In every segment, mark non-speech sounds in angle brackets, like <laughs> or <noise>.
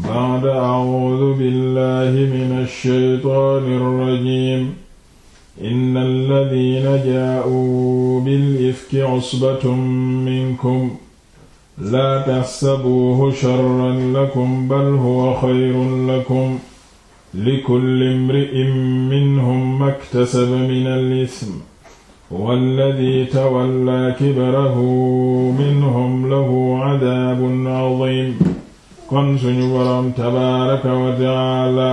ba'da a'uudu billahi mina shaytaani rajiim inna alladiina jaa'uu bil ifki usbatun minkum laa tahsabuuhu sharran lakum bal huwa xayrun lakum likulli imri'in minhum maktasaba minal ismi walladi tawallaa kibrahu minhum lahu cadaabun cadiim kon suñu boroom tabaaraka wa taala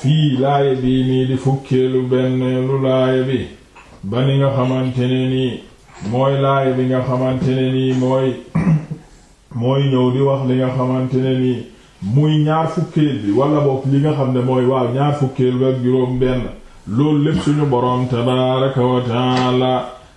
fii laaya bi nii di fukkeelu benneelu laaya bi ba ni nga xamante ne nii mooy laaya bi nga xamante ne nii mooy <coughs> mooy wax li xamante ne nii muy ñaar fukkeel bi wala boog li nga xam ne mooy waaw ñaar fukkeel bi ak juróom benn loolu lépp suñu boroom tabaaraka wa taala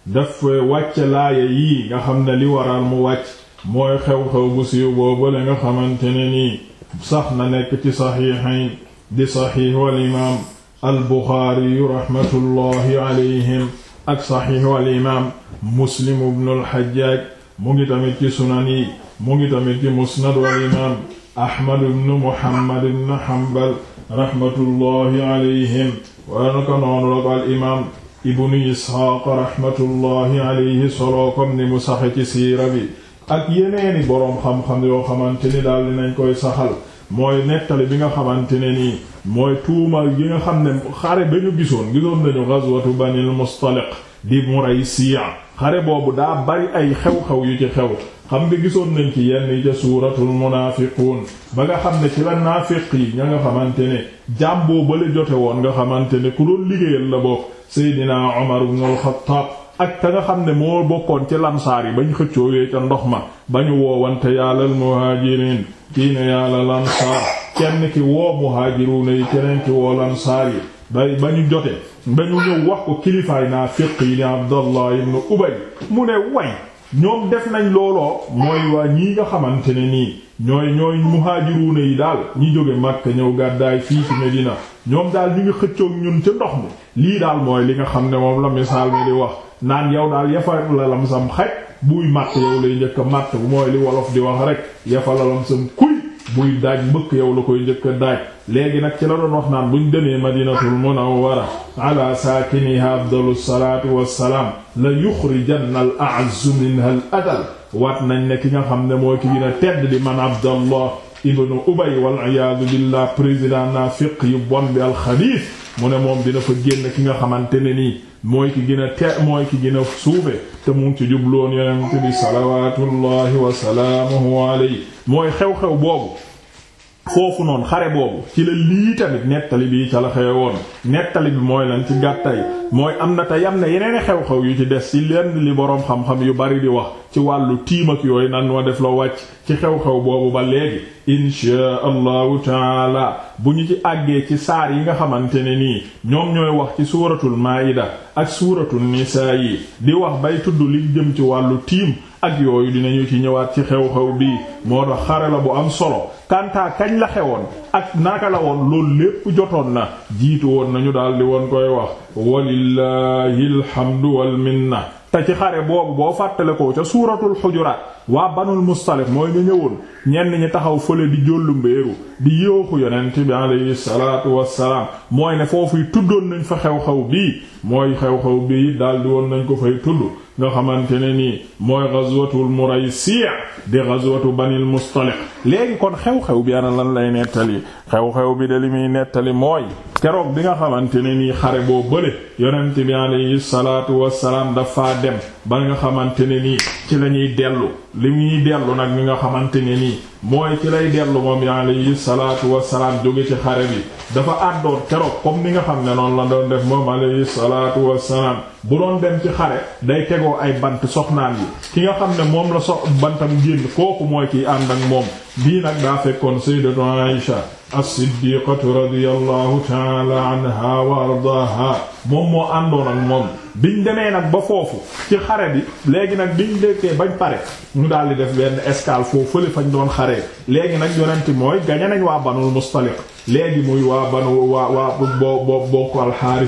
dafa wàcc laaya yii nga xam ne li waral mu wàcc mooy xew-xew bu siiw boobu la nga xamante ne nii sax na nekk ci saxiixayn di saxiixu al imaam al buxaari raxmatullahi alayhim ak saxiixu al imaam muslim ibnu al xajjaaj mu ngi tamit ci sunan yi mu ngi tamit ci musnadu al imaam ahmad ibnu muhammad ibnu hanbal raxmatullahi alayhim waana ko noonu la ko al imaam ibnu isxaaq raxmatullahi alayhi soloo kom ni mu saxe ci siira bi ak yeneeni boroom xam-xam yoo xamante ni daal nañ koy saxal mooy nettali bi nga xamante ne nii mooy tuumal yi nga xam ne xare ba ñu gisoon gisoon nañu ghazwatu banil mustaliq di muraysiya xare boobu daa bari ay xew-xew yu ci xew xam nga gisoon nañ ci yenn yi ca suuratul munaafiquun ba nga xam ne ci la naafiq yi ña nga xamante ne jàmboo bale jote woon nga xamante ne ku doon liggéeyal la boo Seydina Umar ibn al-Khattab ak ka nga xam ne moo bokkoon ci lansaar yi bañ xëccoo yee ca ndox ma bañu woowante yàllal muhaajiriin kii ne yàllal kenn ki woo muhaajiruuna yi keneen ki woo lansaar yi day ba ñu jotee ba ñu ñëw wax ko kilifaay naa fiq yi ni Abdallah ibn Ubay mu ne way ñoom def nañ looloo mooy waa ñii nga xamante ne nii ñooy ñooy muhaajiruuna yi daal ñi jóge Makka ñëw gàddaay fii ci Medina ñoom daal ñu ngi xëccoog ñun ca ndox mi lii daal mooy li nga xam ne moom la misaal mi di wax naan yow daal yafa lalam sam xaj buy màtt yow lay njëkk a màtt mooy li wolof di wax rek yafa lalam sam kuy buy daaj mbëkk yow la koy njëkk a daaj léegi nag ci la doon wax naan buñ demee madinatul munawwara ala saakiniha afdalu salaatu wassalaam la yuxrijanna al a'azzu minha al adal waat nañ ne ki nga xam ne moo ki gën a tedd di man abdallah ibnu ubay wal iyaadu billah président naafiq yu bon bi alxabiis mu ne moom dina fa génn ki nga xamante ne nii mooy ki gën a mooy ki gën a suufe te mu ngi ci jubloon yonent bi salawaatullahi wa salaamuhu alayhi mooy xew-xew boobu foofu noonu xare boobu ci la lii tamit nettali bi ca la xewe woon nettali bi mooy lan ci gàttay mooy am na te yam na yeneen xew-xew yu ci des ci lenn li boroom xam-xam yu bari di wax ci wàllu tiim ak yooyu def la wàcc ci xew-xew boobu ba léegi inshaa allahu taala bu ñu ci àggee ci saar yi nga xamante ne nii ñoom ñooy wax ci suuratul maayida ak suuratul nisaa yi di wax bay tudd li jëm ci wàllu tiim ak yooyu dinañu ci ñëwaat ci xew-xew bi moo tax xare la bu am solo kanta kañ la xewoon ak naka la woon loolu lépp jotoon na jiitu woon nañu daal di woon koy wax walillahi alhamdu wal minna te ci xare boobu boo fàttale ko ca suuratul xujuraat waa banul mustalif mooy ñu ñëwoon ñenn ñi taxaw fële di jóllu mbéeru di yooxu yonent bi alayhi salaatu wassalaam mooy ne foofuy tuddoon nañ fa xew-xew bii mooy xew-xew bii daal di woon nañ ko fay tudd nga xamante ne nii mooy ghazwatul muraysiya di ghazwatu banil mustaliq léegi kon xew-xew bi ana lan lay nettali xew-xew bi de li muy nettali mooy keroog bi nga xamante ne nii xare boo bële yonent bi alayhi salaatu wassalaam dafa dem ba nga xamante ne nii ci la ñuy dellu li ñuy dellu nag mi nga xamante ne nii mooy ci lay dellu moom yi alayhi salaatu wasalaam jóge ci xare bi dafa àddoon keroog comme ni nga xam ne noonu la doon def moom alayhi salaatu wasalaam bu doon dem ci xare day tegoo ay bant soxnaan yi ki nga xam ne moom la sox bantam génn kooku mooy kiy ànd ak moom bii nag daa fekkoon sayyidatu Aisha as-siddiqatu radiyallahu taala anha wa ardaaha moom moo àndoon moom biñ demee nag ba foofu ci xare bi léegi nag biñ dekkee bañ pare ñu daal di def benn escale foofu fële fañ doon xare léegi nag yonent mooy gañe nañ waa banul mustaliq léegi muy waa banu waa waa bo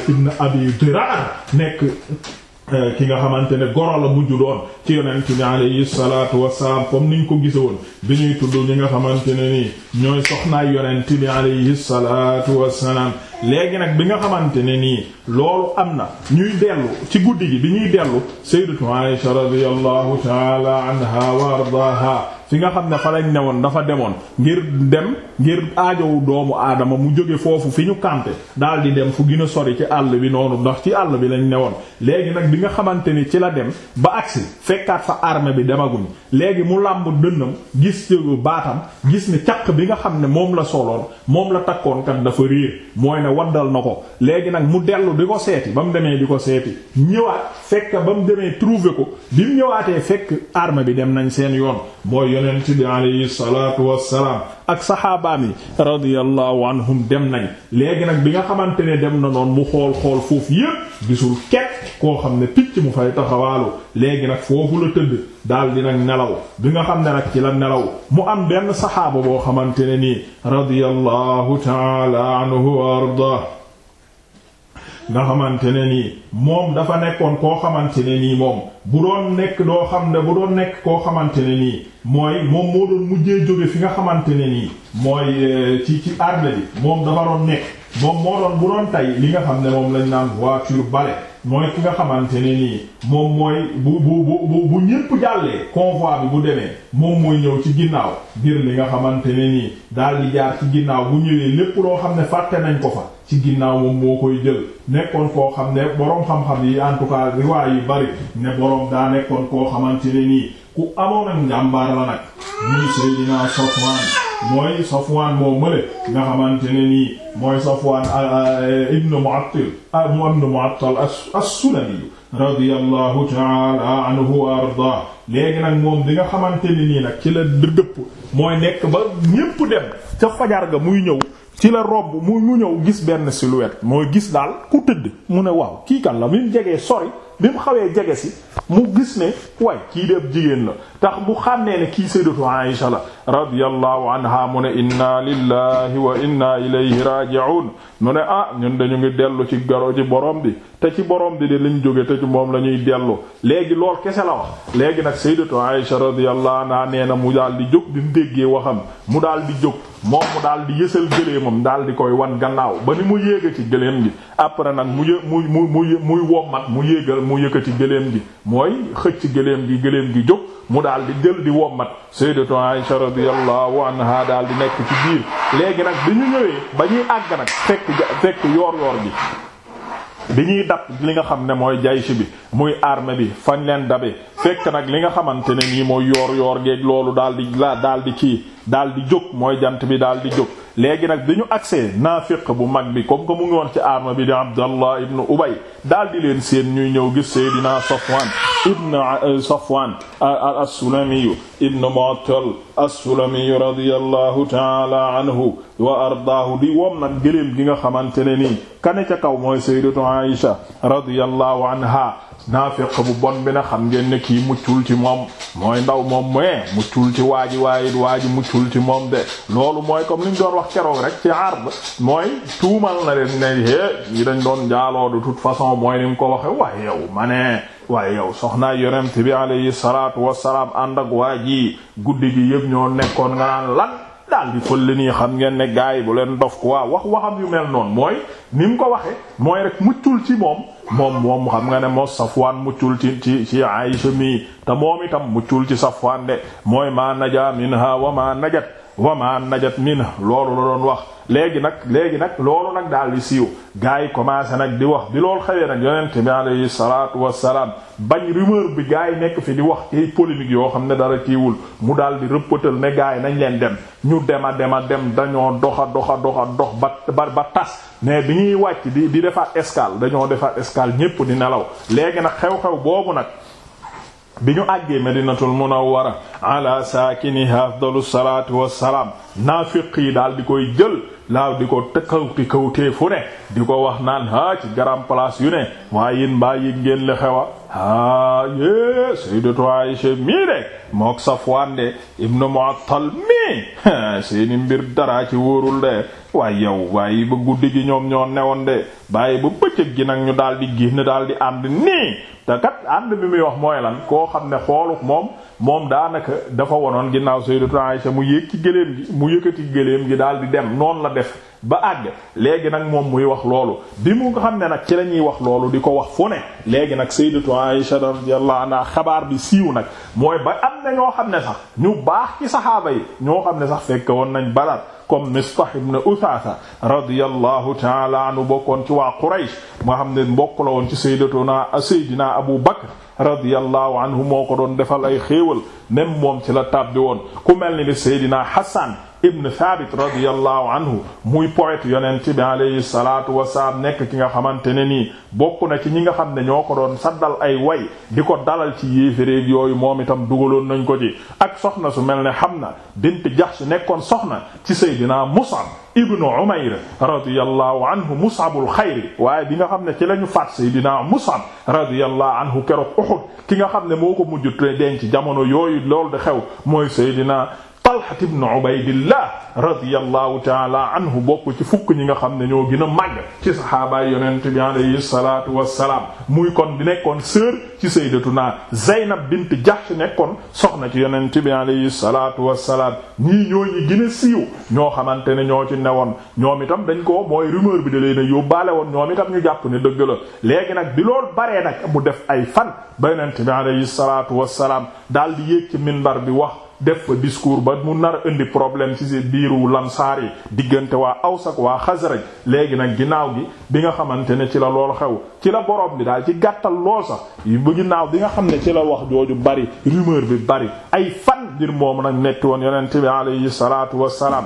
ibn abi dirar nekk Eh, ki nga xamante ne goro la mujj doon ci yonent bi alayhi salaatu wasalaam comme niñ ko gise woon bi ñuy tudd ñi nga xamante ne nii ñooy soxnaay yonent bi alayhi salaatu wasalaam léegi nag bi nga xamante ne nii loolu am na ñuy dellu ci guddi gi bi ñuy dellu sayyidatu Aisha radiyallahu ta'ala anha wa ardaaha fi nga xam ne fa lañ ne dafa demoon ngir dem ngir aajowu doomu aadama mu jóge foofu fi ñu campé daal di dem fu gën a sori ci àll bi noonu ndax ci àll bi lañ newoon léegi nag bi nga xamante ni ci la dem ba agsi fekkaat fa armée bi demaguñ léegi mu làmb dënnam gis ci baatam gis ni caq bi nga xam ne moom la soloon moom la takkoon ne waddal na ko léegi nag mu dellu di ko seeti ba mu demee di ko seeti ñëwaat fekk ba mu demee trouver ko bi mu ñëwaatee fekk arme bi dem nañ seen yoon mooy yonent bi alayhi salaatu wassalaam ak saxaabaam yi radiyallahu anhum dem nañ léegi nag bi nga xamante ne dem na noonu mu xool xool foofu yépp gisul ket koo xam ne picc mu fay taxawaalu léegi nag foofu la daal di nag nelaw bi nga xam ne nag ci la nelaw mu am benn saxaaba boo xamante ne nii radiyallahu ta'ala anhu wa arda nga xamante ne nii moom dafa nekkoon koo xamante ne nii moom bu doon nekk doo xam ne bu doon nekk koo xamante ne nii mooy moom moo doon mujjee jóge fi nga xamante ne nii mooy eh, ci ci armée bi moom dafa doon nekk moom moo doon bu doon tey li nga xam ne moom lañ naan voiture bale mooy ki nga xamante ne nii moom mooy bu bu bu bu ñépp jàllee convoi bi bu demee moom mooy ñëw ci ginnaaw biir li nga xamante ne nii daal di jaar ci ginnaaw bu ñëwee lépp loo xam ne fàtte nañ ko fa ci ginnaaw moom moo koy jël nekkoon koo xam ne boroom xam-xam yi en tout riwaay yu bari ne boroom daa nekkoon koo xamante ne nii ku amoon ak njàmbaar la nag muy Seydina Safwan mooy Safwaan moo mële nga xamante ne nii mooy Safwaan ibn Mu'attal ibn Mu'attal as-Sulami radiyallahu ta'ala anhu wa arda léegi nag moom bi nga xamante ni nii nag ci la dëpp mooy nekk ba ñépp dem ca fajar ga muy ñëw ci la robb mu mu ñëw gis benn silhouette mooy gis daal ku tëdd mu ne waaw kii kan la bi mu jegee sori bi mu xawee jege si mu gis ne way kii def jigéen la tax bu xàmmee ne kii sayyidatu Aisha la radiyallahu anha mu ne inna lillahi wa inna ilayhi raji'un mu ne ah ñun dañu ngi dellu ci garo ci borom bi te ci borom bi de lañ jóge te ci moom la ñuy dellu léegi lool kese la wax léegi nag sayyidatu Aisha radiyallahu naa nee na mu daal di jóg di déggee waxam mu daal di jóg moom mu daal di yësal gëléemam daal di koy wan gannaaw ba ni mu yéega ci gëléem gi après nag mu yë mu mu mu muy wommat mu yéegal mu yëkkati gëléem gi mooy xëcc gëléem gi gëléem gi jóg mu daal di jël di wommat sayyidatu Aisha radiyallahu anha daal di nekk ci biir léegi nag bi ñu àgg nag fekk fekk yoor bi ñuy dab li nga xam ne mooy si bi muy arme bi fañ leen dabe fekk nag li nga xamante ne nii mooy yoor yoor geeg loolu daal di la daal di kii daal di jóg mooy jant bi daal di jóg léegi nag bi ñu agsee naafiq bu mag bi comme que mu ngi woon ci arma bi di Abdallah ibn Ubay daal di leen seen ñuy ñëw gis Seydina Safwan ibn euh, Safwan as-Sulami ibn Mu'attal as-Sulami radiyallahu ta'ala anhu wa ardaahu di wom nag gëléem gi nga xamante ne nii kane ca kaw mooy Sayyidatu Aisha radiyallahu anha naafiq bu bon bi na xam ngeen ne kii muccul ci moom mooy ndaw moom moe muccul ci waaji waayit waaji muccul ci moom de loolu mooy comme li ñu doon wax keroog rek ci arb mooy tuumal na leen ne é yi dañ doon jaaloo de toute façon mooy ni mu ko waxe waaye yow ma ne waaye yow soxnaa yonent bi alayhi salaatu wassalaam ànd ak waaji guddi gi yëpp ñoo nekkoon nga naan lan daal di fële nii xam ngeen ne gaay bu leen dof waa wax waxam yu mel noon mooy ni mu ko waxe mooy rek muccul moom moom moom xam nga ne moo Safwaan muccul ci ci ci Aysa mi te moom itam muccul ci Safwaan de mooy maa najaa minha wa maa najat wa maa najat minha loolu la doon wax léegi nag léegi nag loolu nag daal di siiw gars yi commencé nag di wax bi lool xewee nag yonent bi alayhi salaatu wassalaam bañ rumeur bi gars yi nekk fi di wax ci polémique yoo xam ne dara kiiwul mu daal di rëppatal ne gars yi nañ leen dem ñu dema dema dem dañoo doxa doxa doxa dox ba ba tas mais bi ñuy wàcc di di defaat escale dañoo defaat escale ñépp di nelaw léegi nag xew-xew boobu nag bi ñu àggee madinatul munawwara ala saakiniha afdalu salaatu wassalaam naafiq yi daal di koy jël laaw di ko kawti kawtee fu ne di ko wax naan haa ci garam place yu ne waaye yéen mbaa yëg ngeen li xewa haa yée sayyidatu Aisha mii de mook Safwaan de ibnu Mu'attal mii <laughs> seeni mbir dara ci wóorul de waaye yow waaye ba guddi gi ñoom ñoo newoon de bàyyi ba bëccëg gi nag ñu daal di génn daal di ànd nii te kat ànd bi muy wax mooy lan koo xam ne xooluk moom moom daanaka dafa wonoon ginnaaw Sayyidatu Aisha mu yéeg ci gëléem gi mu yëkkati gëléem gi daal di dem noonu la def ba àgg léegi nag moom muy wax loolu bi mu nga xam ne nag ci la ñuy wax loolu di ko wax fu ne léegi nag Sayyidatu Aisha radiyallahu anha xabaar bi siiw nag mooy ba am na ñoo xam ne sax ñu baax ci saxaaba yi ñoo xam ne sax fekk woon nañ Badar comme Mistah ibn Uthatha radiyallahu ta'ala anhu bokkoon ci waa Quraysh moo xam ne mbokk woon ci sayyidatuna sayyidina Abu Bakr radiyallahu anhu moo ko doon defal ay xéewal nem moom ci la tàbbi woon ku mel ni bi sayyidina Hassan ibn Thabit radiyallahu anhu muy poète yonent bi alayhi salaatu wasalaam nekk ki nga xamante ne nii bokk na ci ñi nga xam ne ñoo ko doon saddal ay way di ko dalal ci yéefiréeg yooyu moom itam dugaloon nañ ko ci ak soxna su mel ne xam Hamna bint su nekkoon soxna ci Seydina Mus'ab ibnu umayr radiyallahu anhu musabul xayri waaye bi nga xam ne ci lañu ñu faat seydina musab radiyallahu anhu keroog uhud ki nga xam ne moo ko mujj denc jamono yooyu lool di xew mooy Talha ibn Ubaydillah radiyallahu ta'ala anhu bokk ci fukk ñi nga xam ne ñoo gën a màgg ci saxaabaay yonent bi alayhi salaatu wassalaam muy kon di nekkoon sœur ci sayyidatuna Zaynab bint Jahsh nekkoon soxna ci yonent bi alayhi salaatu wassalaam ñii ñoo ñi gën a siiw ñoo xamante ne ñoo ci newoon ñoom itam dañ ko mooy rumeur bi da leen a yóbbaale woon ñoom itam ñu jàpp ne dëgg la léegi nag bi loolu bare nag mu def ay fan ba yonent bi alayhi salaatu wassalaam def fa discours ba mu nar indi problème ci si biiru lansaar yi diggante waa Aws ak waa Xasraj léegi nag ginnaaw gi bi nga xamante ne ci la lool xew ci la borom bi daal ci gàttal lool sax bu ginnaaw bi nga xam ne ci la wax jooju bari rumeur bi bari ay fan ngir moomu nag netti woon yonent bi alayhi salaatu wassalaam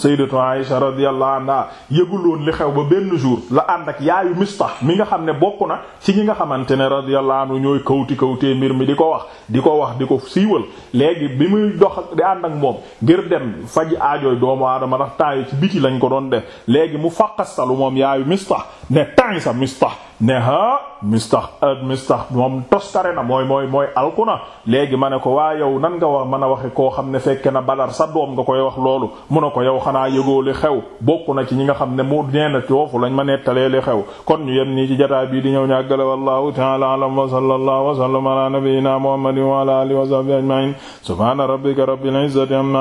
sayyidatu Aisha radiyallahu anha yëguloon li xew ba benn jour la ànd ak yaayu Mistah mi nga xam ne bokk na ci ñi nga xamante ne radiyallahu anhu ñooy kawti kawtee mbir mi di ko wax di ko wax di ko siiwal léegi bi muy dox di ànd ak moom ngir dem faj aajooy doomu aadama ndax temps yi ci biti lañ ko doon def léegi mu faqastalu moom yaayu Mistah ne temps sa Mistah ne ha Mistah ad euh, Mistah moom tostare na mooy mooy mooy alku na léegi ma ne ko waa yow nan nga wax mën a waxe koo xam ne fekke na Badar sa doom nga koy wax mu ne ko yow xanaa yëgoo li xew bokk na ci ñi nga xam ne mu neena coofu lañ ma nettalee li xew kon ñu yem nii ci jataa bii di ñëw ñu àggale wallahu ta'ala a'lam wa sallallahu wa sallama ala nabiyyina muhammadin wa ala alihi wa sahbihi ajma'in subhana rabbika rabbil izzati amma